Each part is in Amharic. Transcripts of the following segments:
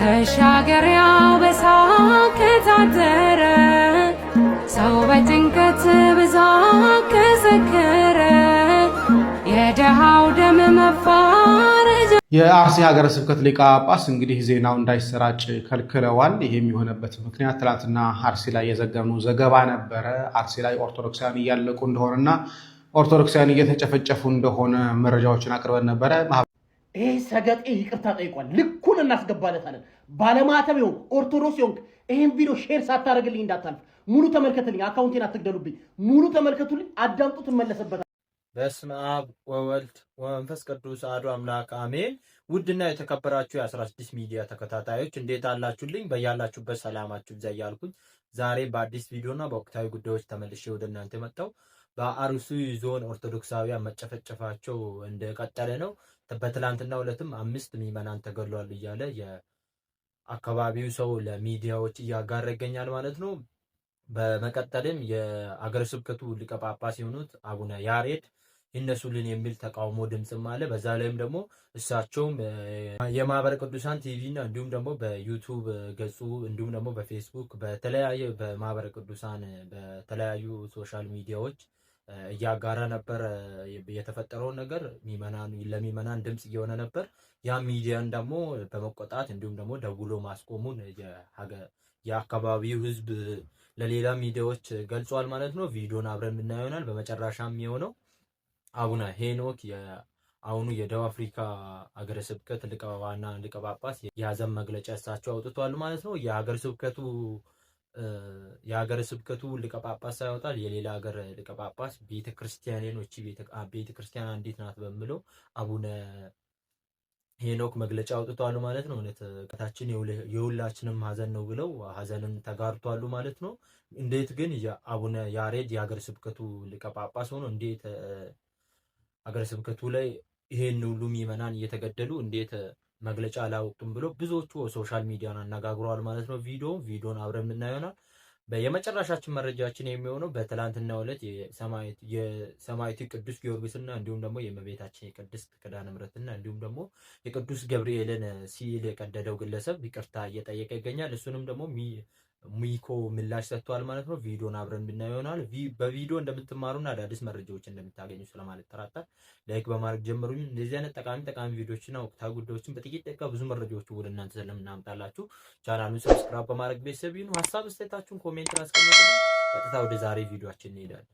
መሻገሪያው በሳቅ ከታጠረ ሰው በጭንቀት ብዛት ከሰከረ የደሃው ደም መፋረጃ። የአርሲ ሀገረ ስብከት ሊቀ ጳጳስ እንግዲህ ዜናው እንዳይሰራጭ ከልክለዋል። ይህም የሆነበት ምክንያት ትናንትና አርሲ ላይ የዘገብነው ዘገባ ነበረ። አርሲ ላይ ኦርቶዶክሳውያን እያለቁ እንደሆነና ኦርቶዶክሳውያን እየተጨፈጨፉ እንደሆነ መረጃዎችን አቅርበን ነበረ። ይሄ ሰገጤ ይቅርታ ጠይቋል። ልኩን እናስገባለታለን። ባለማተብ ይሆን ኦርቶዶክስ ይሆን ይህን ቪዲዮ ሼር ሳታደርግልኝ እንዳታልፍ። ሙሉ ተመልከትልኝ። አካውንቴን አትግደሉብኝ። ሙሉ ተመልከቱልኝ፣ አዳምጡ፣ ትመለሰበታል። በስመ አብ ወወልድ ወመንፈስ ቅዱስ አሐዱ አምላክ አሜን። ውድና የተከበራችሁ የ16 ሚዲያ ተከታታዮች እንዴት አላችሁልኝ? በያላችሁበት ሰላማችሁ ይብዛ እያልኩኝ ዛሬ በአዲስ ቪዲዮና በወቅታዊ ጉዳዮች ተመልሼ ወደ እናንተ መጣሁ። በአርሲ ዞን ኦርቶዶክሳውያን መጨፈጨፋቸው እንደቀጠለ ነው። በትላንትና ሁለትም አምስት ምዕመናን ተገድሏል እያለ የአካባቢው ሰው ለሚዲያዎች እያጋራ ይገኛል ማለት ነው። በመቀጠልም የአገረ ስብከቱ ሊቀ ጳጳስ የሆኑት አቡነ ያሬድ ይነሱልን የሚል ተቃውሞ ድምፅም አለ። በዛ ላይም ደግሞ እሳቸውም የማህበረ ቅዱሳን ቲቪ እና እንዲሁም ደግሞ በዩቱብ ገጹ እንዲሁም ደግሞ በፌስቡክ በተለያየ በማህበረ ቅዱሳን በተለያዩ ሶሻል ሚዲያዎች እያጋራ ነበረ። የተፈጠረውን ነገር ለሚመናን ድምፅ እየሆነ ነበር። ያ ሚዲያን ደግሞ በመቆጣት እንዲሁም ደግሞ ደውሎ ማስቆሙን የአካባቢው ሕዝብ ለሌላ ሚዲያዎች ገልጿል ማለት ነው። ቪዲዮን አብረን የምናየው ይሆናል። በመጨረሻም የሆነው አቡነ ሄኖክ አሁኑ የደቡብ አፍሪካ ሀገረ ስብከት ሊቀ ዋና ሊቀ ጳጳስ የያዘን መግለጫ እሳቸው አውጥቷል ማለት ነው። የሀገረ ስብከቱ የሀገረ ስብከቱ ሊቀ ጳጳስ ሳይወጣል የሌላ ሀገር ሊቀ ጳጳስ ቤተ ክርስቲያኖች ቤተ ክርስቲያን እንዴት ናት በሚለው አቡነ ሄኖክ መግለጫ አውጥቷሉ ማለት ነው። እውነት ቀታችን የሁላችንም ሀዘን ነው ብለው ሀዘንን ተጋርቷሉ ማለት ነው። እንዴት ግን አቡነ ያሬድ የሀገረ ስብከቱ ሊቀ ጳጳስ ሆኖ እንዴት ሀገረ ስብከቱ ላይ ይሄን ሁሉ ምዕመናን እየተገደሉ እንዴት መግለጫ አላወጡም ብሎ ብዙዎቹ ሶሻል ሚዲያን አነጋግረዋል ማለት ነው። ቪዲዮ ቪዲዮን አብረን የምናየው ይሆናል። የመጨረሻችን መረጃችን የሚሆነው በትላንትናው ዕለት የሰማዕቱ ቅዱስ ጊዮርጊስና እንዲሁም ደግሞ የእመቤታችን የቅድስት ኪዳነ ምሕረትና እንዲሁም ደግሞ የቅዱስ ገብርኤልን ሲል የቀደደው ግለሰብ ይቅርታ እየጠየቀ ይገኛል። እሱንም ደግሞ ሚኮ ምላሽ ሰጥቷል ማለት ነው። ቪዲዮን አብረን ብናየው ይሆናል። በቪዲዮ እንደምትማሩና አዳዲስ መረጃዎች እንደምታገኙ ስለማልጠራጠር ላይክ በማድረግ ጀምሩኝ። እንደዚህ አይነት ጠቃሚ ጠቃሚ ቪዲዮዎችና ወቅታዊ ጉዳዮችን በጥቂት ደቂቃ ብዙ መረጃዎች ወደ እናንተ ስለምናምጣላችሁ ቻናሉን ሰብስክራይብ በማድረግ ቤተሰብ ይሁኑ። ሀሳብ አስተያየታችሁን ኮሜንት ላይ አስቀምጡ። ቀጥታ ወደ ዛሬ ቪዲዮአችን እንሄዳለን።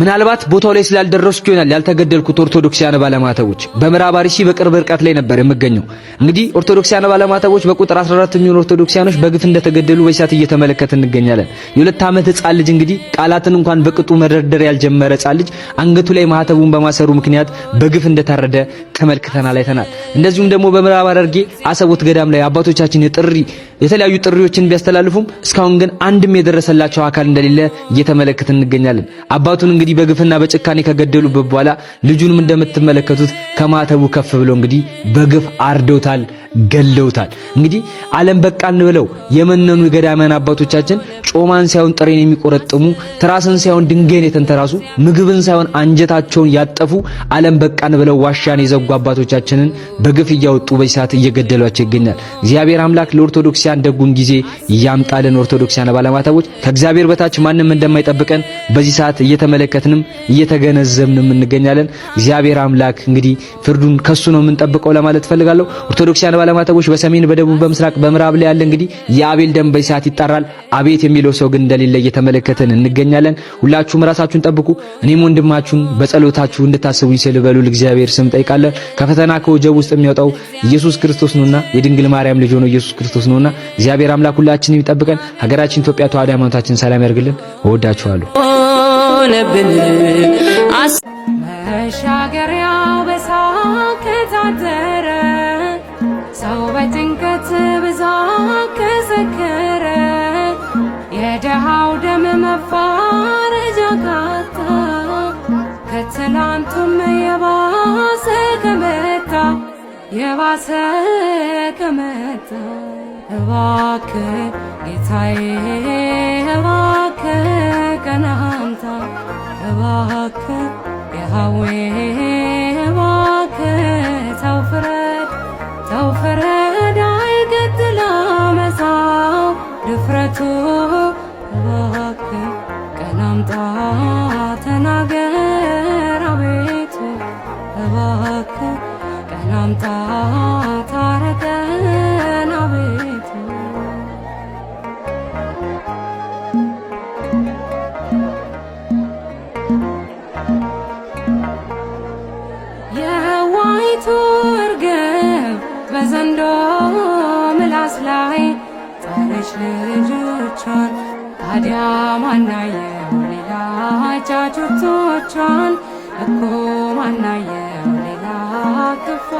ምናልባት ቦታው ላይ ስላልደረስኩ ይሆናል ያልተገደልኩት። ኦርቶዶክሳውያን ባለማተቦች በምዕራብ አርሲ በቅርብ ርቀት ላይ ነበር የምገኘው። እንግዲህ ኦርቶዶክሳውያን ባለማተቦች በቁጥር 14 የሚሆኑ ኦርቶዶክሲያኖች በግፍ እንደተገደሉ በሳት እየተመለከት እንገኛለን። የሁለት ዓመት ሕፃን ልጅ እንግዲህ ቃላትን እንኳን በቅጡ መደርደር ያልጀመረ ሕፃን ልጅ አንገቱ ላይ ማህተቡን በማሰሩ ምክንያት በግፍ እንደታረደ ተመልክተናል፣ አይተናል። እንደዚሁም ደግሞ በምዕራብ ሐረርጌ አሰቦት ገዳም ላይ አባቶቻችን የጥሪ የተለያዩ ጥሪዎችን ቢያስተላልፉም እስካሁን ግን አንድም የደረሰላቸው አካል እንደሌለ እየተመለከት እንገኛለን። አባቱን እንግዲህ እንግዲህ በግፍና በጭካኔ ከገደሉበት በኋላ ልጁንም እንደምትመለከቱት ከማተቡ ከፍ ብሎ እንግዲህ በግፍ አርዶታል። ገለውታል። እንግዲህ ዓለም በቃን ብለው የመነኑ የገዳማን አባቶቻችን ጮማን ሳይሆን ጥሬን የሚቆረጥሙ ትራስን ሳይሆን ድንጋይን የተንተራሱ ምግብን ሳይሆን አንጀታቸውን ያጠፉ ዓለም በቃን ብለው ዋሻን የዘጉ አባቶቻችንን በግፍ እያወጡ በዚህ እየገደሏቸው ይገኛል። እግዚአብሔር አምላክ ለኦርቶዶክሲያን ደጉን ጊዜ ያምጣልን። ኦርቶዶክሲያን ባለማተቦች ከእግዚአብሔር በታች ማንም እንደማይጠብቀን በዚህ ሰዓት እየተመለከትንም እየተገነዘብንም እንገኛለን። እግዚአብሔር አምላክ እንግዲህ ፍርዱን ከሱ ነው የምንጠብቀው ለማለት ፈልጋለሁ። ኦርቶዶክሲያን ባለማተቦች በሰሜን በደቡብ በምስራቅ በምዕራብ ላይ ያለ እንግዲህ የአቤል ደም በሰዓት ይጣራል። አቤት የሚለው ሰው ግን እንደሌለ እየተመለከተን እንገኛለን። ሁላችሁም ራሳችሁን ጠብቁ። እኔም ወንድማችሁን በጸሎታችሁ እንድታስቡኝ ስል በሉል እግዚአብሔር ስም ጠይቃለሁ። ከፈተና ከወጀብ ውስጥ የሚያወጣው ኢየሱስ ክርስቶስ ነውና የድንግል ማርያም ልጅ ሆኖ ኢየሱስ ክርስቶስ ነውና እግዚአብሔር አምላክ ሁላችንን ይጠብቀን። ሀገራችን ኢትዮጵያ ተዋሕዶ ሃይማኖታችን ሰላም ያርግልን። እወዳችኋለሁ። መሻገሪያው በሳከታደ የባሰ ከመጣ የባሰ ከመጣ እባክህ ጌታዬ እባክህ ቀና አምጣ የሃዌ እባክህ ተው ፍረድ አይገድል አመፃው ድፍረቱ እባክህ ቀናምጣ አምጣ ታረቀን አቤቱ የዋይቱ እርግብ በዘንዶ ምላስ ላይ ጣለች ልጆቿን። ታዲያ ማናየው ሌላ ጫጩቶቿን እኮ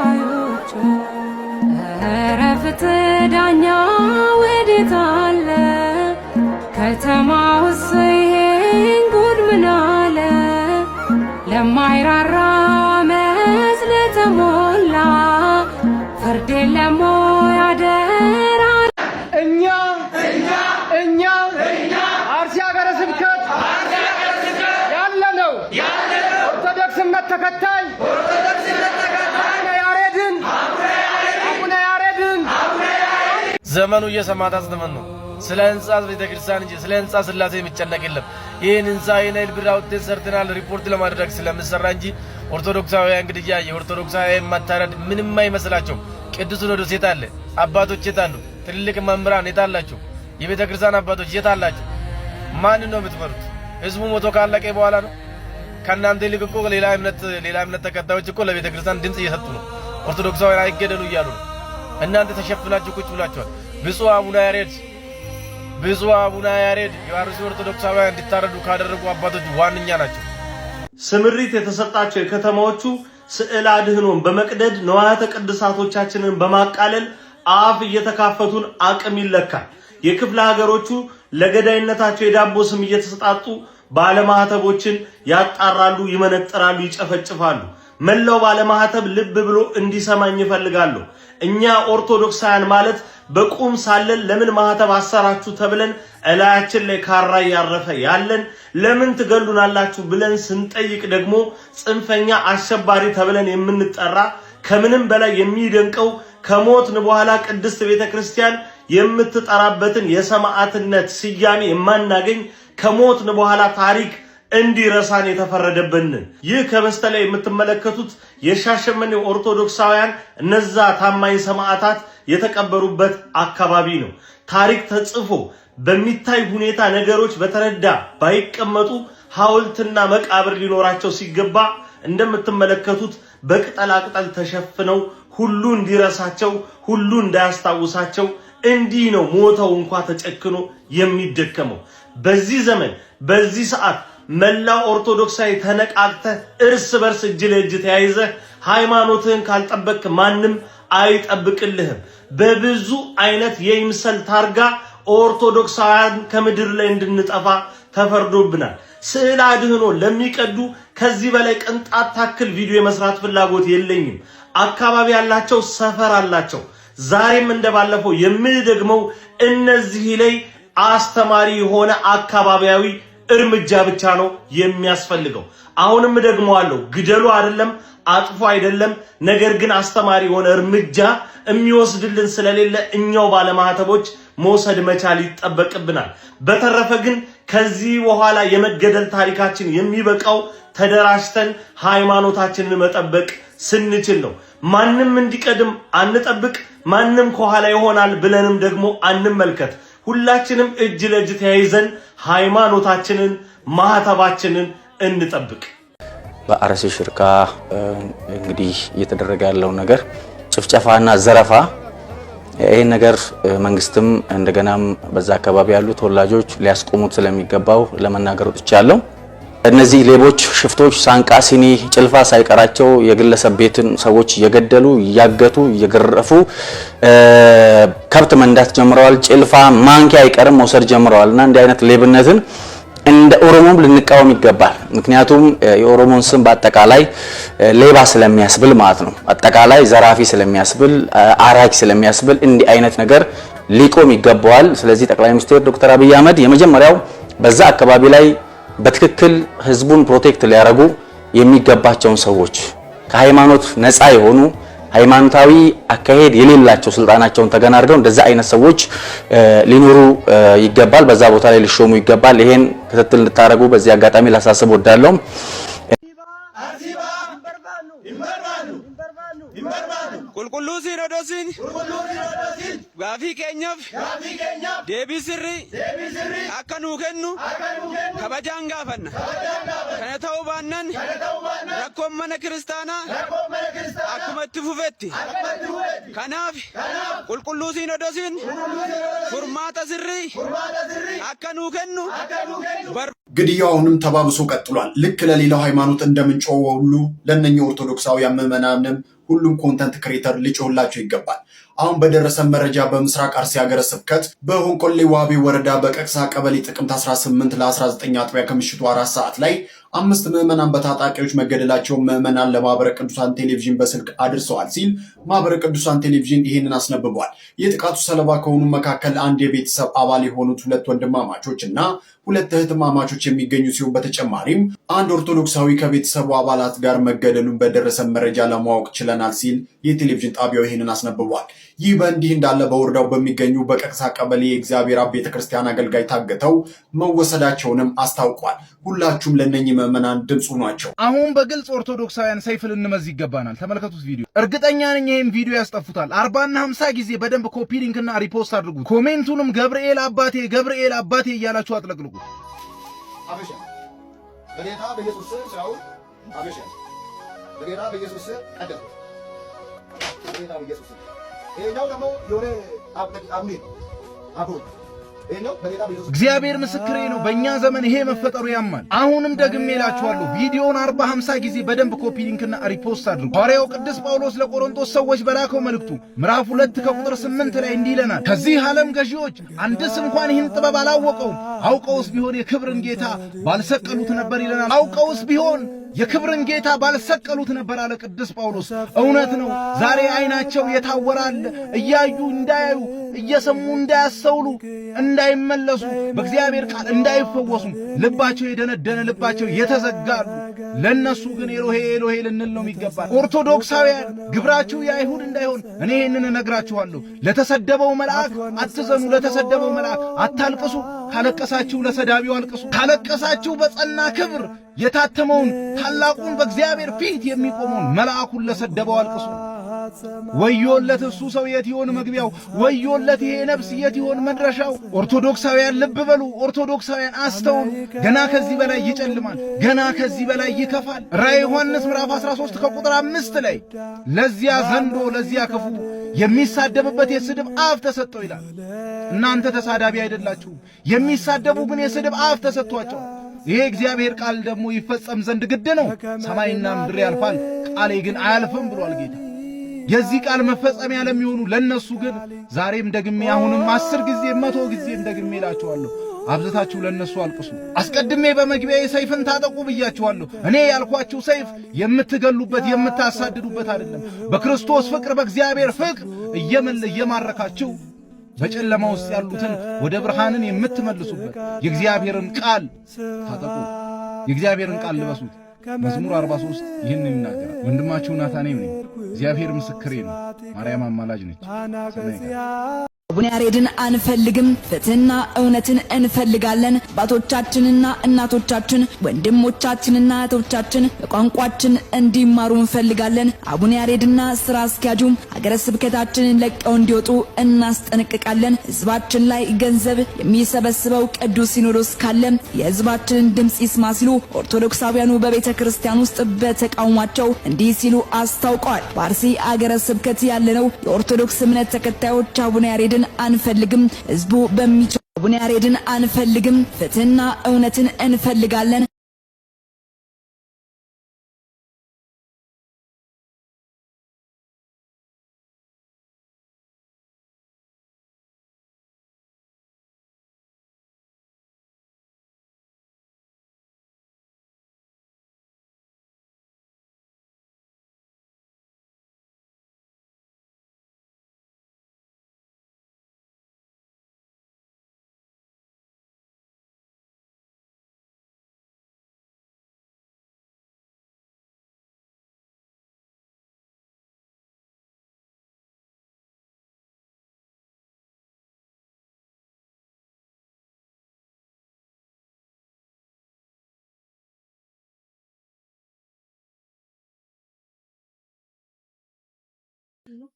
ባዮች እረፍት ዳኛ ወዴት አለ ከተማውስ ይሄን ጉድ ለማይራራ ዘመኑ የሰማዕታት ዘመን ነው። ስለ ህንፃ ቤተ ክርስቲያን እንጂ ስለ ህንፃ ስላሴ የሚጨነቅ የለም። ይህን ህንፃ የናይል ያህል ብር አውጥተን ሰርተናል ሪፖርት ለማድረግ ስለምሰራ እንጂ ኦርቶዶክሳውያን ግድያ፣ የኦርቶዶክሳውያን ማታረድ ምንም አይመስላቸው። ቅዱስ ሲኖዶስ የት አለ? አባቶች የት አሉ? ትልልቅ መምህራን የት አላቸው? የቤተ ክርስቲያን አባቶች የት አላቸው? ማን ነው የምትመሩት? ህዝቡ ሞቶ ካለቀ በኋላ ነው። ከእናንተ ይልቅ እኮ ሌላ እምነት ሌላ እምነት ተከታዮች እኮ ለቤተ ክርስቲያን ድምፅ እየሰጡ ነው። ኦርቶዶክሳውያን አይገደሉ እያሉ ነው። እናንተ ተሸፍናችሁ ቁጭ ብላችኋል። ብፁዕ አቡነ ያሬድ ብፁዕ አቡነ ያሬድ የአርሲ ኦርቶዶክሳውያን እንዲታረዱ ካደረጉ አባቶች ዋነኛ ናቸው። ስምሪት የተሰጣቸው የከተማዎቹ ስዕል አድህኖን በመቅደድ ንዋያተ ቅድሳቶቻችንን በማቃለል አፍ እየተካፈቱን አቅም ይለካል። የክፍለ ሀገሮቹ ለገዳይነታቸው የዳቦ ስም እየተሰጣጡ ባለማህተቦችን ያጣራሉ፣ ይመነጥራሉ፣ ይጨፈጭፋሉ። መላው ባለማህተብ ልብ ብሎ እንዲሰማኝ ይፈልጋለሁ። እኛ ኦርቶዶክሳውያን ማለት በቁም ሳለን ለምን ማህተብ አሰራችሁ ተብለን እላያችን ላይ ካራ እያረፈ ያለን ለምን ትገሉናላችሁ ብለን ስንጠይቅ ደግሞ ጽንፈኛ አሸባሪ ተብለን የምንጠራ ከምንም በላይ የሚደንቀው ከሞትን በኋላ ቅድስት ቤተ ክርስቲያን የምትጠራበትን የሰማዕትነት ስያሜ የማናገኝ ከሞትን በኋላ ታሪክ እንዲረሳን የተፈረደብን። ይህ ከበስተላይ የምትመለከቱት የሻሸመኔ ኦርቶዶክሳውያን እነዛ ታማኝ ሰማዕታት የተቀበሩበት አካባቢ ነው። ታሪክ ተጽፎ በሚታይ ሁኔታ ነገሮች በተረዳ ባይቀመጡ ሐውልትና መቃብር ሊኖራቸው ሲገባ እንደምትመለከቱት በቅጠላቅጠል ተሸፍነው ሁሉ እንዲረሳቸው ሁሉ እንዳያስታውሳቸው እንዲህ ነው ሞተው እንኳ ተጨክኖ የሚደከመው በዚህ ዘመን በዚህ ሰዓት መላው ኦርቶዶክሳዊ ተነቃቅተ እርስ በርስ እጅ ለእጅ ተያይዘ ሃይማኖትህን ካልጠበቅ ማንም አይጠብቅልህም። በብዙ አይነት የይምሰል ታርጋ ኦርቶዶክሳውያን ከምድር ላይ እንድንጠፋ ተፈርዶብናል። ስዕል አድህኖ ለሚቀዱ ከዚህ በላይ ቅንጣት ታክል ቪዲዮ የመስራት ፍላጎት የለኝም። አካባቢ ያላቸው ሰፈር አላቸው። ዛሬም እንደባለፈው የምንደግመው እነዚህ ላይ አስተማሪ የሆነ አካባቢያዊ እርምጃ ብቻ ነው የሚያስፈልገው። አሁንም ደግሞ አለው ግደሉ አይደለም አጥፎ አይደለም፣ ነገር ግን አስተማሪ የሆነ እርምጃ የሚወስድልን ስለሌለ እኛው ባለማህተቦች መውሰድ መቻል ይጠበቅብናል። በተረፈ ግን ከዚህ በኋላ የመገደል ታሪካችን የሚበቃው ተደራጅተን ሃይማኖታችንን መጠበቅ ስንችል ነው። ማንም እንዲቀድም አንጠብቅ፣ ማንም ከኋላ ይሆናል ብለንም ደግሞ አንመልከት። ሁላችንም እጅ ለእጅ ተያይዘን ሃይማኖታችንን፣ ማህተባችንን እንጠብቅ። በአርሲ ሽርካ እንግዲህ እየተደረገ ያለው ነገር ጭፍጨፋና ዘረፋ ይህ ነገር መንግስትም እንደገናም በዛ አካባቢ ያሉ ተወላጆች ሊያስቆሙት ስለሚገባው ለመናገር ወጥቻለሁ። እነዚህ ሌቦች፣ ሽፍቶች ሳንቃ፣ ሲኒ፣ ጭልፋ ሳይቀራቸው የግለሰብ ቤትን ሰዎች እየገደሉ እያገቱ እየገረፉ ከብት መንዳት ጀምረዋል። ጭልፋ ማንኪያ አይቀርም መውሰድ ጀምረዋል። እና እንዲህ አይነት ሌብነትን እንደ ኦሮሞም ልንቃወም ይገባል። ምክንያቱም የኦሮሞን ስም በአጠቃላይ ሌባ ስለሚያስብል ማለት ነው። አጠቃላይ ዘራፊ ስለሚያስብል፣ አራጅ ስለሚያስብል እንዲህ አይነት ነገር ሊቆም ይገባዋል። ስለዚህ ጠቅላይ ሚኒስትር ዶክተር አብይ አህመድ የመጀመሪያው በዛ አካባቢ ላይ በትክክል ህዝቡን ፕሮቴክት ሊያደርጉ የሚገባቸውን ሰዎች ከሃይማኖት ነፃ የሆኑ ሃይማኖታዊ አካሄድ የሌላቸው ስልጣናቸውን ተገናርገው እንደዛ አይነት ሰዎች ሊኖሩ ይገባል። በዛ ቦታ ላይ ሊሾሙ ይገባል። ይሄን ክትትል እንድታደርጉ በዚህ አጋጣሚ ላሳስብ ወዳለሁ። Qulqulluu siin odosin. Qulqulluu siin odosin. Gaafii keenyaaf. Gaafii keenyaaf. Deebii sirrii. Deebii sirrii. Akka nuu kennu. Akka nuu kennu. Kabajaan gaafanna. Kabajaan gaafanna. Kana ta'uu baannan. Kana ta'uu baannan. Rakkoon mana kiristaanaa. Rakkoon mana kiristaanaa. Akkuma itti fufetti. Akkuma itti fufetti. Kanaaf. Kanaaf. Qulqulluu siin odosin. Qulqulluu siin odosin. Furmaata sirrii. Furmaata sirrii. Akka nuu kennu. Akka nuu kennu. ግድያው አሁንም ተባብሶ ቀጥሏል። ልክ ለሌላው ሃይማኖት እንደምንጮኸው ሁሉ ለእነኛ ኦርቶዶክሳውያን ምዕመናንም ሁሉም ኮንተንት ክሬተር ሊጮህላቸው ይገባል። አሁን በደረሰ መረጃ በምስራቅ አርሲ ሀገረ ስብከት በሆንቆሌ ዋቤ ወረዳ በቀቅሳ ቀበሌ ጥቅምት 18 ለ19 አጥቢያ ከምሽቱ አራት ሰዓት ላይ አምስት ምዕመናን በታጣቂዎች መገደላቸውን ምዕመናን ለማህበረ ቅዱሳን ቴሌቪዥን በስልክ አድርሰዋል ሲል ማህበረ ቅዱሳን ቴሌቪዥን ይህንን አስነብቧል። የጥቃቱ ሰለባ ከሆኑ መካከል አንድ የቤተሰብ አባል የሆኑት ሁለት ወንድማማቾች እና ሁለት እህትማማቾች የሚገኙ ሲሆን በተጨማሪም አንድ ኦርቶዶክሳዊ ከቤተሰቡ አባላት ጋር መገደሉን በደረሰ መረጃ ለማወቅ ችለናል ሲል የቴሌቪዥን ጣቢያው ይህንን አስነብቧል። ይህ በእንዲህ እንዳለ በወረዳው በሚገኙ በቀቅሳ ቀበሌ የእግዚአብሔር አብ ቤተክርስቲያን አገልጋይ ታግተው መወሰዳቸውንም አስታውቋል። ሁላችሁም ለነኝ ምዕመናን ድምፁ ናቸው። አሁን በግልጽ ኦርቶዶክሳውያን ሰይፍ ልንመዝ ይገባናል። ተመልከቱት ቪዲዮ። እርግጠኛ ነኝ ይህም ቪዲዮ ያስጠፉታል። አርባና ሀምሳ ጊዜ በደንብ ኮፒ ሊንክና ሪፖስት አድርጉት። ኮሜንቱንም ገብርኤል አባቴ ገብርኤል አባቴ እያላችሁ አጥለቅልቁ። ይሄኛው ደግሞ የሆነ እግዚአብሔር ምስክሬ ነው። በእኛ ዘመን ይሄ መፈጠሩ ያማል። አሁንም ደግሜ እላችኋለሁ ቪዲዮውን አርባ ሀምሳ ጊዜ በደንብ ኮፒ ሊንክና ሪፖስት አድርጉ። ሐዋርያው ቅዱስ ጳውሎስ ለቆሮንቶስ ሰዎች በላከው መልእክቱ ምዕራፍ ሁለት ከቁጥር ስምንት ላይ እንዲህ ይለናል፣ ከዚህ ዓለም ገዢዎች አንድስ እንኳን ይህን ጥበብ አላወቀውም፣ አውቀውስ ቢሆን የክብርን ጌታ ባልሰቀሉት ነበር ይለናል። አውቀውስ ቢሆን የክብርን ጌታ ባልሰቀሉት ነበር አለ ቅዱስ ጳውሎስ። እውነት ነው። ዛሬ ዓይናቸው የታወራል። እያዩ እንዳያዩ፣ እየሰሙ እንዳያስተውሉ፣ እንዳይመለሱ፣ በእግዚአብሔር ቃል እንዳይፈወሱ፣ ልባቸው የደነደነ ልባቸው የተዘጋሉ ለእነሱ ግን ኤሎሄ ኤሎሄ ልንል ነው የሚገባል። ኦርቶዶክሳውያን ግብራችሁ የአይሁድ እንዳይሆን እኔ ይህንን እነግራችኋለሁ። ለተሰደበው መልአክ አትዘኑ፣ ለተሰደበው መልአክ አታልቅሱ። ካለቀሳችሁ ለሰዳቢው አልቅሱ። ካለቀሳችሁ በጸና ክብር የታተመውን ታላቁን በእግዚአብሔር ፊት የሚቆመውን መልአኩን ለሰደበው አልቅሱ። ወዮለት እሱ ሰው የት ይሆን መግቢያው? ወዮለት ይሄ ነፍስ የት ይሆን መድረሻው? ኦርቶዶክሳውያን ልብ በሉ፣ ኦርቶዶክሳውያን አስተውሉ። ገና ከዚህ በላይ ይጨልማል፣ ገና ከዚህ በላይ ይከፋል። ራእየ ዮሐንስ ምዕራፍ 13 ከቁጥር አምስት ላይ ለዚያ ዘንዶ ለዚያ ክፉ የሚሳደብበት የስድብ አፍ ተሰጠው ይላል። እናንተ ተሳዳቢ አይደላችሁም፣ የሚሳደቡ ግን የስድብ አፍ ተሰጥቷቸው ይሄ እግዚአብሔር ቃል ደግሞ ይፈጸም ዘንድ ግድ ነው። ሰማይና ምድር ያልፋል፣ ቃሌ ግን አያልፍም ብሏል ጌታ። የዚህ ቃል መፈጸሚያ ለሚሆኑ ለነሱ ግን ዛሬም ደግሜ አሁንም አስር ጊዜ መቶ ጊዜም ደግሜ እላችኋለሁ፣ አብዝታችሁ ለነሱ አልቅሱ። አስቀድሜ በመግቢያዬ ሰይፍን ታጠቁ ብያችኋለሁ። እኔ ያልኳችሁ ሰይፍ የምትገሉበት የምታሳድዱበት አይደለም። በክርስቶስ ፍቅር በእግዚአብሔር ፍቅር እየመለ እየማረካችሁ በጨለማ ውስጥ ያሉትን ወደ ብርሃንን የምትመልሱበት የእግዚአብሔርን ቃል ታጠቁ፣ የእግዚአብሔርን ቃል ልበሱት። መዝሙር 43 ይህን ይናገራል። ወንድማችሁ ናታኔም ነኝ። እግዚአብሔር ምስክሬ ነው፣ ማርያም አማላጅ ነች። አቡነ ያሬድን አንፈልግም፣ ፍትህና እውነትን እንፈልጋለን። አባቶቻችንና እናቶቻችን ወንድሞቻችንና እህቶቻችን በቋንቋችን እንዲማሩ እንፈልጋለን። አቡነ ያሬድና ስራ አስኪያጁም ሀገረ ስብከታችንን ለቀው እንዲወጡ እናስጠነቅቃለን። ህዝባችን ላይ ገንዘብ የሚሰበስበው ቅዱስ ሲኖዶስ ካለ የህዝባችንን ድምፅ ይስማ ሲሉ ኦርቶዶክሳውያኑ በቤተ ክርስቲያን ውስጥ በተቃውሟቸው እንዲህ ሲሉ አስታውቀዋል። በአርሲ አገረ ስብከት ያለነው የኦርቶዶክስ እምነት ተከታዮች አቡነ ያሬድን ያሬድን አንፈልግም። ህዝቡ በሚችለው ያሬድን አንፈልግም። ፍትህና እውነትን እንፈልጋለን።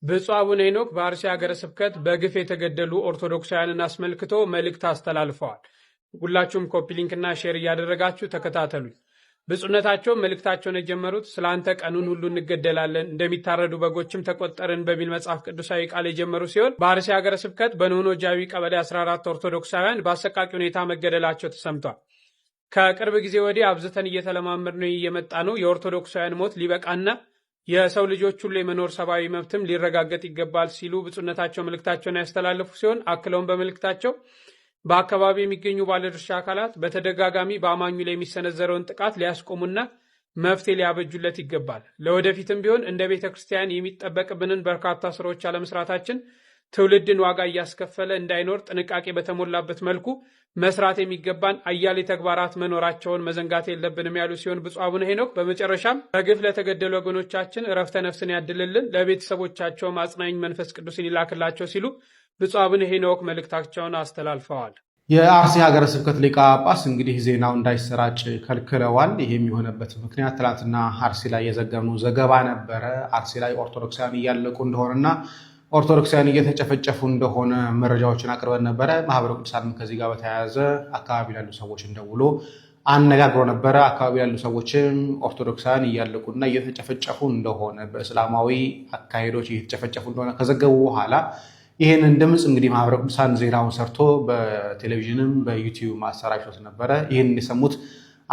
ብፁዕ አቡነ ሄኖክ በአርሲ ሀገረ ስብከት በግፍ የተገደሉ ኦርቶዶክሳውያንን አስመልክቶ መልእክት አስተላልፈዋል። ሁላችሁም ኮፒ ሊንክና ሼር እያደረጋችሁ ተከታተሉኝ። ብፁዕነታቸው መልእክታቸውን የጀመሩት ስለ አንተ ቀኑን ሁሉ እንገደላለን እንደሚታረዱ በጎችም ተቆጠርን በሚል መጽሐፍ ቅዱሳዊ ቃል የጀመሩ ሲሆን በአርሲ ሀገረ ስብከት በኖኖ ጃዊ ቀበሌ 14 ኦርቶዶክሳውያን በአሰቃቂ ሁኔታ መገደላቸው ተሰምቷል። ከቅርብ ጊዜ ወዲህ አብዝተን ነው እየመጣ ነው። የኦርቶዶክሳውያን ሞት ሊበቃና የሰው ልጆች ሁሉ የመኖር ሰብአዊ መብትም ሊረጋገጥ ይገባል ሲሉ ብፁዕነታቸው መልእክታቸውን ያስተላለፉ ሲሆን አክለውን በመልእክታቸው በአካባቢ የሚገኙ ባለድርሻ አካላት በተደጋጋሚ በአማኙ ላይ የሚሰነዘረውን ጥቃት ሊያስቆሙና መፍትሄ ሊያበጁለት ይገባል። ለወደፊትም ቢሆን እንደ ቤተ ክርስቲያን የሚጠበቅብንን በርካታ ስራዎች አለመስራታችን ትውልድን ዋጋ እያስከፈለ እንዳይኖር ጥንቃቄ በተሞላበት መልኩ መስራት የሚገባን አያሌ ተግባራት መኖራቸውን መዘንጋት የለብንም ያሉ ሲሆን ብፁዕ አቡነ ሄኖክ በመጨረሻም በግፍ ለተገደሉ ወገኖቻችን እረፍተ ነፍስን ያድልልን፣ ለቤተሰቦቻቸው አጽናኝ መንፈስ ቅዱስን ይላክላቸው ሲሉ ብፁዕ አቡነ ሄኖክ መልእክታቸውን አስተላልፈዋል። የአርሲ ሀገረ ስብከት ሊቀ ጳጳስ እንግዲህ ዜናው እንዳይሰራጭ ከልክለዋል። ይህም የሚሆነበት ምክንያት ትናንትና አርሲ ላይ የዘገብነው ዘገባ ነበረ። አርሲ ላይ ኦርቶዶክሳውያን እያለቁ እንደሆነና ኦርቶዶክሳውያን እየተጨፈጨፉ እንደሆነ መረጃዎችን አቅርበን ነበረ። ማህበረ ቅዱሳንም ከዚህ ጋር በተያያዘ አካባቢ ላሉ ሰዎች እንደውሎ አነጋግሮ ነበረ። አካባቢ ያሉ ሰዎችም ኦርቶዶክሳውያን እያለቁና እየተጨፈጨፉ እንደሆነ በእስላማዊ አካሄዶች እየተጨፈጨፉ እንደሆነ ከዘገቡ በኋላ ይህንን ድምፅ እንግዲህ ማህበረ ቅዱሳን ዜናውን ሰርቶ በቴሌቪዥንም በዩቲዩብ ማሰራጨት ነበረ። ይህን የሰሙት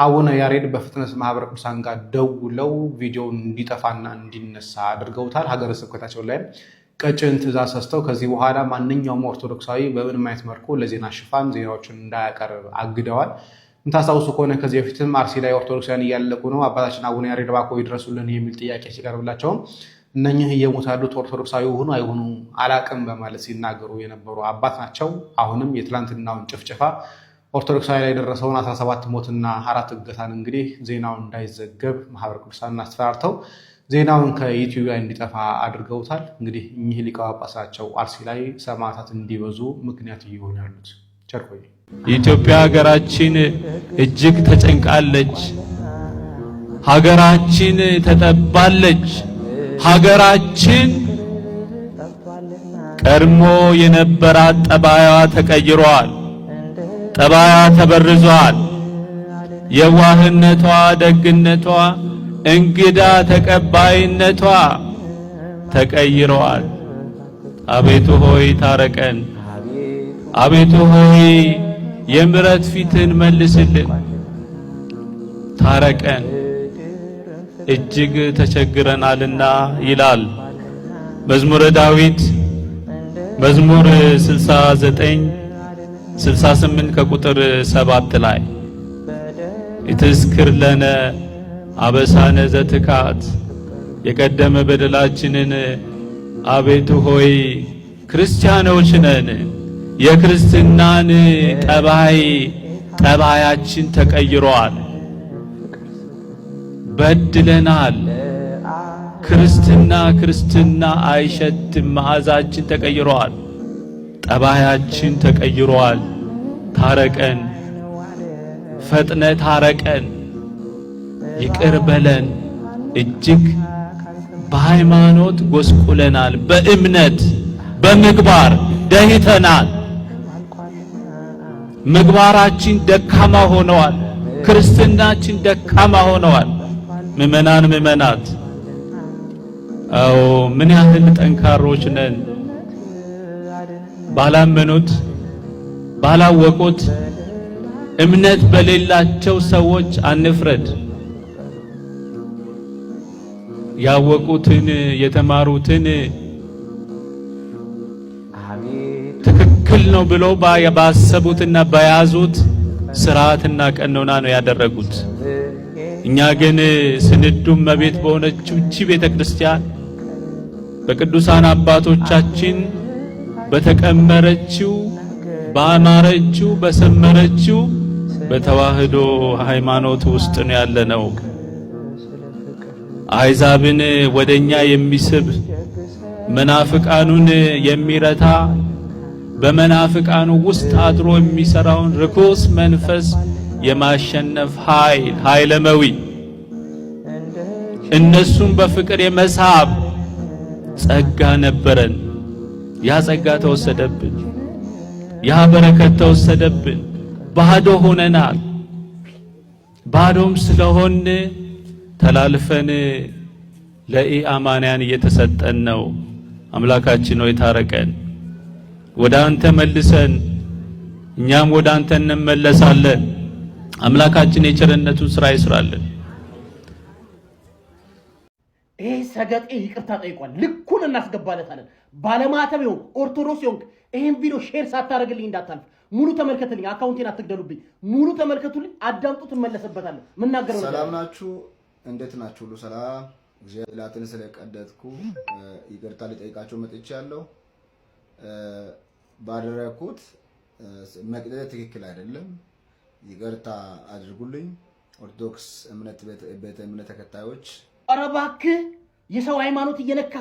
አቡነ ያሬድ በፍጥነት ማህበረ ቅዱሳን ጋር ደውለው ቪዲዮውን እንዲጠፋና እንዲነሳ አድርገውታል። ሀገረ ስብከታቸው ላይም ቀጭን ትእዛዝ ሰስተው ከዚህ በኋላ ማንኛውም ኦርቶዶክሳዊ በምንም አይነት መልኩ ለዜና ሽፋን ዜናዎችን እንዳያቀርብ አግደዋል። የምታስታውሱ ከሆነ ከዚህ በፊትም አርሲ ላይ ኦርቶዶክሳውያን እያለቁ ነው፣ አባታችን አቡነ ያሬድ እባክዎ ይድረሱልን የሚል ጥያቄ ሲቀርብላቸውም እነኚህ እየሞት ያሉት ኦርቶዶክሳዊ ሆኑ አይሆኑ አላቅም በማለት ሲናገሩ የነበሩ አባት ናቸው። አሁንም የትላንትናውን ጭፍጭፋ ኦርቶዶክሳዊ ላይ የደረሰውን 17 ሞትና አራት እገታን እንግዲህ ዜናውን እንዳይዘገብ ማህበረ ቅዱሳን አስፈራርተው ዜናውን ከዩቲዩብ ላይ እንዲጠፋ አድርገውታል። እንግዲህ እኚህ ሊቀ ጳጳስ አርሲ ላይ ሰማዕታት እንዲበዙ ምክንያት እየሆኑ ያሉት። ቸርኮይ የኢትዮጵያ ሀገራችን እጅግ ተጨንቃለች። ሀገራችን ተጠባለች። ሀገራችን ቀድሞ የነበራት ጠባያዋ ተቀይሯል። ጠባያ ተበርዟል። የዋህነቷ፣ ደግነቷ፣ እንግዳ ተቀባይነቷ ተቀይረዋል። አቤቱ ሆይ ታረቀን። አቤቱ ሆይ የምረት ፊትን መልስልን፣ ታረቀን እጅግ ተቸግረናልና ይላል መዝሙረ ዳዊት መዝሙር 69 68 ከቁጥር 7 ላይ ኢትዝክር ለነ አበሳነ ዘትካት የቀደመ በደላችንን አቤቱ ሆይ ክርስቲያኖች ነን። የክርስትናን ጠባይ ጠባያችን ተቀይሯል። በድለናል። ክርስትና ክርስትና አይሸትም። መዓዛችን ተቀይሯል። ጠባያችን ተቀይሯል። ታረቀን፣ ፈጥነ ታረቀን፣ ይቅር በለን። እጅግ በሃይማኖት ጎስቁለናል፣ በእምነት በምግባር ደህተናል። ምግባራችን ደካማ ሆነዋል። ክርስትናችን ደካማ ሆነዋል። ምእመናን ምእመናት፣ አዎ ምን ያህል ጠንካሮች ነን። ባላመኑት፣ ባላወቁት፣ እምነት በሌላቸው ሰዎች አንፍረድ። ያወቁትን የተማሩትን ትክክል ነው ብሎ ባሰቡትና በያዙት ስርዓትና ቀኖና ነው ያደረጉት። እኛ ግን ስንዱ መቤት በሆነችው እቺ ቤተ ክርስቲያን በቅዱሳን አባቶቻችን በተቀመረችው ባማረችው በሰመረችው በተዋህዶ ሃይማኖት ውስጥ ነው ነው። አሕዛብን ወደኛ የሚስብ መናፍቃኑን የሚረታ በመናፍቃኑ ውስጥ አድሮ የሚሰራውን ርኩስ መንፈስ የማሸነፍ ኃይል ኃይለመዊ እነሱን በፍቅር የመሳብ ጸጋ ነበረን። ያ ጸጋ ተወሰደብን፣ ያ በረከት ተወሰደብን። ባዶ ሆነናል። ባዶም ስለሆን ተላልፈን ለኢአማንያን እየተሰጠን ነው። አምላካችን ሆይ ታረቀን፣ ወደ አንተ መልሰን፣ እኛም ወደ አንተ እንመለሳለን። አምላካችን የቸርነቱን ስራ ይስራልን። ይህ ሰገጤ ይቅርታ ጠይቋል፣ ልኩን እናስገባለታለን። ባለማተብ የሆንክ ኦርቶዶክስ የሆንክ ይህን ቪዲዮ ሼር ሳታደርግልኝ እንዳታልፍ። ሙሉ ተመልከትልኝ፣ አካውንቴን አትግደሉብኝ። ሙሉ ተመልከቱልኝ፣ አዳምጡ፣ ትመለሰበታለሁ። ምናገረው ሰላም ናችሁ? እንዴት ናችሁ? ሁሉ ሰላም። ላትን ስለቀደጥኩ ይቅርታ ሊጠይቃቸው መጥቼ ያለው ባደረግኩት መቅደት ትክክል አይደለም። ይቅርታ አድርጉልኝ። ኦርቶዶክስ እምነት ቤተ እምነት ተከታዮች፣ ኧረ እባክህ የሰው ሃይማኖት እየነካ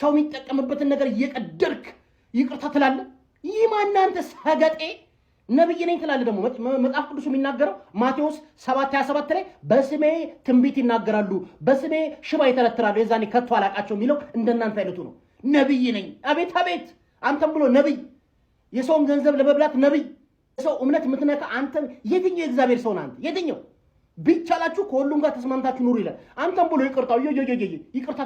ሰው የሚጠቀምበትን ነገር እየቀደርክ ይቅርታ ትላለህ። ይህ ማናንተ ሰገጤ ነብይ ነኝ ትላለህ። ደግሞ መጽሐፍ ቅዱስ የሚናገረው ማቴዎስ 7 27 ላይ በስሜ ትንቢት ይናገራሉ፣ በስሜ ሽባ ይተረትራሉ፣ የዛኔ ከቶ አላቃቸው የሚለው እንደናንተ አይነቱ ነው። ነብይ ነኝ። አቤት አቤት! አንተም ብሎ ነብይ፣ የሰውን ገንዘብ ለመብላት ነብይ፣ ሰው እምነት የምትነካ አንተ። የትኛው የእግዚአብሔር ሰው አንተ? የትኛው ቢቻላችሁ ከሁሉም ጋር ተስማምታችሁ ኑሩ ይላል። አንተም ብሎ ይቅርታው ይቅርታ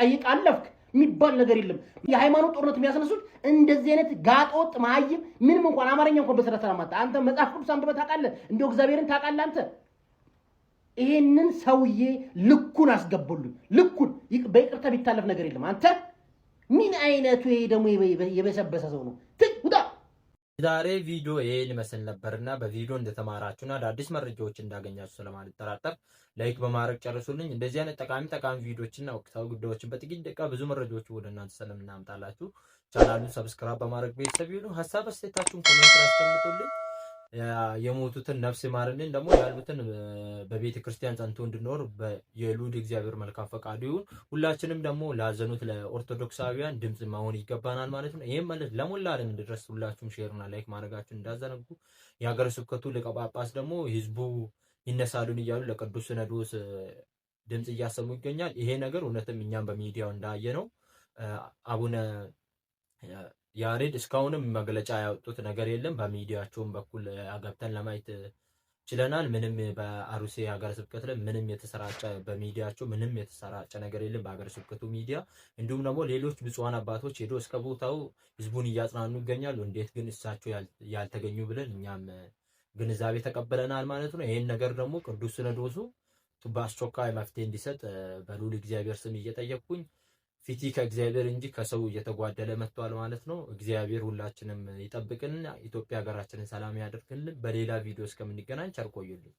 ጠይቅ አለፍክ የሚባል ነገር የለም። የሃይማኖት ጦርነት የሚያስነሱት እንደዚህ አይነት ጋጠወጥ መሀይም ምንም እንኳን አማርኛ እንኳን በስራት ሰላማታ አንተ መጽሐፍ ቅዱስ አንብበህ ታውቃለህ? እንደው እግዚአብሔርን ታውቃለህ አንተ? ይሄንን ሰውዬ ልኩን አስገቡልን። ልኩን በይቅርታ ቢታለፍ ነገር የለም። አንተ ምን አይነቱ ይሄ ደግሞ የበሰበሰ ሰው ነው። ዛሬ ቪዲዮ ይሄን ይመስል ነበርና በቪዲዮ እንደተማራችሁና አዳዲስ መረጃዎች እንዳገኛችሁ ስለማልጠራጠር ላይክ በማድረግ ጨርሱልኝ። እንደዚህ አይነት ጠቃሚ ጠቃሚ ቪዲዮዎችና ወቅታዊ ጉዳዮችን በጥቂት ደቂቃ ብዙ መረጃዎች ወደ እናንተ ስለምናምጣላችሁ ቻናሉን ሰብስክራይብ በማድረግ ቤተሰብ ይሁኑ። ሀሳብ አስተያየታችሁን ኮሜንት አስቀምጡልኝ። የሞቱትን ነፍስ ይማርልን፣ ደግሞ ያሉትን በቤተ ክርስቲያን ጸንቶ እንድኖር የሉድ እግዚአብሔር መልካም ፈቃዱ ይሁን። ሁላችንም ደግሞ ላዘኑት ለኦርቶዶክሳዊያን ድምፅ መሆን ይገባናል ማለት ነው። ይህም ማለት ለሞላ ዓለም እንድረስ ሁላችሁም ሼርና ላይክ ማድረጋችሁን እንዳዘነጉ። የሀገረ ስብከቱ ሊቀ ጳጳስ ደግሞ ህዝቡ ይነሳሉን እያሉ ለቅዱስ ሲኖዶስ ድምፅ እያሰሙ ይገኛል። ይሄ ነገር እውነትም እኛም በሚዲያው እንዳየ ነው አቡነ ያሬድ እስካሁንም መግለጫ ያወጡት ነገር የለም። በሚዲያቸውም በኩል አገብተን ለማየት ችለናል። ምንም በአሩሴ ሀገረ ስብከት ላይ ምንም የተሰራጨ በሚዲያቸው ምንም የተሰራጨ ነገር የለም፣ በሀገረ ስብከቱ ሚዲያ። እንዲሁም ደግሞ ሌሎች ብፁዓን አባቶች ሄዶ እስከ ቦታው ህዝቡን እያጽናኑ ይገኛሉ። እንዴት ግን እሳቸው ያልተገኙ ብለን እኛም ግንዛቤ ተቀበለናል ማለት ነው። ይህን ነገር ደግሞ ቅዱስ ሲኖዶሱ በአስቸኳይ መፍትሄ እንዲሰጥ በሉል እግዚአብሔር ስም እየጠየቅኩኝ ፊቲ ከእግዚአብሔር እንጂ ከሰው እየተጓደለ መጥቷል ማለት ነው። እግዚአብሔር ሁላችንም ይጠብቅን፣ ኢትዮጵያ ሀገራችንን ሰላም ያደርግልን። በሌላ ቪዲዮ እስከምንገናኝ ቸር ቆዩልኝ።